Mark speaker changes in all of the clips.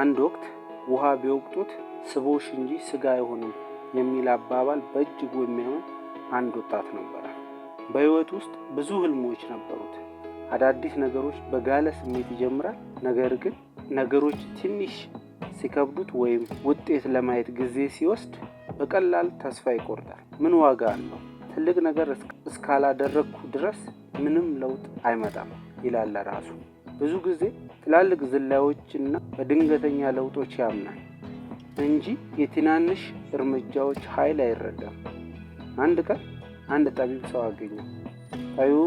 Speaker 1: አንድ ወቅት ውሃ ቢወቅጡት ስቦሽ እንጂ ስጋ አይሆንም የሚል አባባል በእጅጉ የሚያምን አንድ ወጣት ነበረ። በህይወት ውስጥ ብዙ ህልሞች ነበሩት። አዳዲስ ነገሮች በጋለ ስሜት ይጀምራል። ነገር ግን ነገሮች ትንሽ ሲከብዱት ወይም ውጤት ለማየት ጊዜ ሲወስድ በቀላል ተስፋ ይቆርጣል። ምን ዋጋ አለው? ትልቅ ነገር እስካላደረግኩ ድረስ ምንም ለውጥ አይመጣም ይላል ራሱ። ብዙ ጊዜ ትላልቅ ዝላዮችና በድንገተኛ ለውጦች ያምናል እንጂ የትናንሽ እርምጃዎች ኃይል አይረዳም። አንድ ቀን አንድ ጠቢብ ሰው አገኘው። ጠቢቡ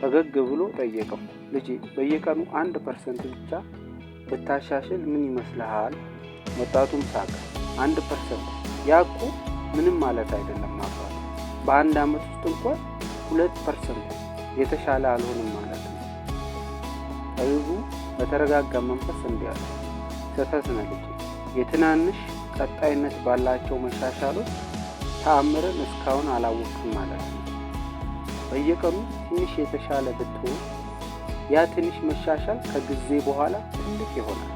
Speaker 1: ፈገግ ብሎ ጠየቀው፣ ልጄ በየቀኑ አንድ ፐርሰንት ብቻ ብታሻሽል ምን ይመስልሃል? ወጣቱም ሳቀ። አንድ ፐርሰንት ያቁ ምንም ማለት አይደለም አባት በአንድ ዓመት ውስጥ እንኳን ሁለት ፐርሰንት የተሻለ አልሆንም ማለት ጠቢቡ በተረጋጋ መንፈስ እንዲህ አለ፣ ስህተት የትናንሽ ቀጣይነት ባላቸው መሻሻሎች ተአምርን እስካሁን አላወቅም ማለት ነው። በየቀኑ ትንሽ የተሻለ ብትሆን ያ ትንሽ መሻሻል ከጊዜ በኋላ ትልቅ ይሆናል።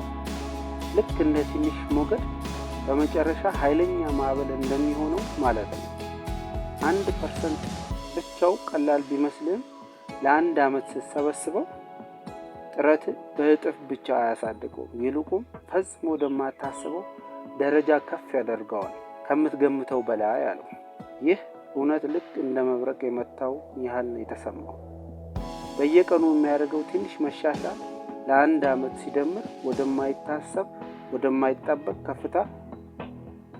Speaker 1: ልክ እንደ ትንሽ ሞገድ በመጨረሻ ኃይለኛ ማዕበል እንደሚሆነው ማለት ነው። አንድ ፐርሰንት ብቻው ቀላል ቢመስልም ለአንድ ዓመት ስትሰበስበው ጥረት በእጥፍ ብቻ አያሳድገውም። ይልቁም ፈጽሞ ወደማታስበው ደረጃ ከፍ ያደርገዋል፣ ከምትገምተው በላይ አለው። ይህ እውነት ልክ እንደ መብረቅ የመታው ያህል የተሰማው በየቀኑ የሚያደርገው ትንሽ መሻሻል ለአንድ ዓመት ሲደምር ወደማይታሰብ ወደማይጠበቅ ከፍታ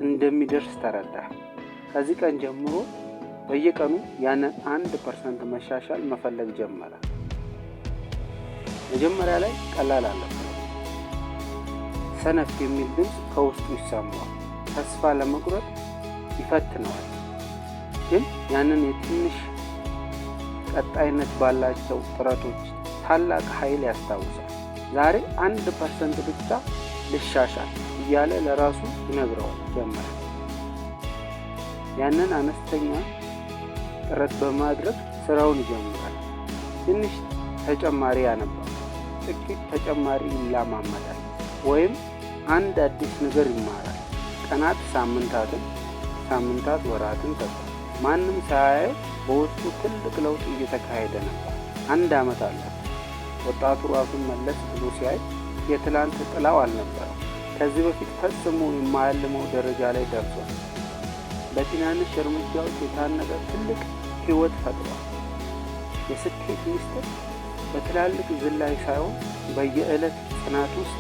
Speaker 1: እንደሚደርስ ተረዳ። ከዚህ ቀን ጀምሮ በየቀኑ ያንን አንድ ፐርሰንት መሻሻል መፈለግ ጀመረ። መጀመሪያ ላይ ቀላል አለበት። ሰነፍ የሚል ድምፅ ከውስጡ ይሰማዋል። ተስፋ ለመቁረጥ ይፈትነዋል። ግን ያንን የትንሽ ቀጣይነት ባላቸው ጥረቶች ታላቅ ኃይል ያስታውሳል። ዛሬ አንድ ፐርሰንት ብቻ ልሻሻል እያለ ለራሱ ይነግረዋል ጀመረ። ያንን አነስተኛ ጥረት በማድረግ ስራውን ይጀምራል። ትንሽ ተጨማሪ ያነባል። ጥቂት ተጨማሪ ይለማመዳል። ወይም አንድ አዲስ ነገር ይማራል። ቀናት ሳምንታትን፣ ሳምንታት ወራትን ተኩ ማንም ሳያየው በውስጡ ትልቅ ለውጥ እየተካሄደ ነበር። አንድ ዓመት አለ። ወጣቱ ራሱን መለስ ብሎ ሲያይ የትላንት ጥላው አልነበረው። ከዚህ በፊት ፈጽሞ የማያልመው ደረጃ ላይ ደርሷል። በትናንሽ እርምጃዎች የታነቀ ትልቅ ሕይወት ፈጥሯል። የስኬት ሚስጥር በትላልቅ ዝላይ ሳይሆን በየዕለት ጽናት ውስጥ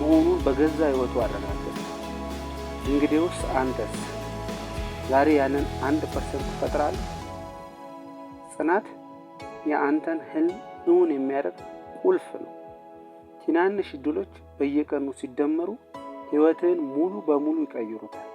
Speaker 1: መሆኑን በገዛ ሕይወቱ አረጋገጠ። እንግዲህ ውስጥ አንተስ ዛሬ ያንን አንድ ፐርሰንት ትፈጥራለህ? ጽናት የአንተን ህልም እውን የሚያደርግ ቁልፍ ነው። ትናንሽ እድሎች በየቀኑ ሲደመሩ ሕይወትህን ሙሉ በሙሉ ይቀይሩታል።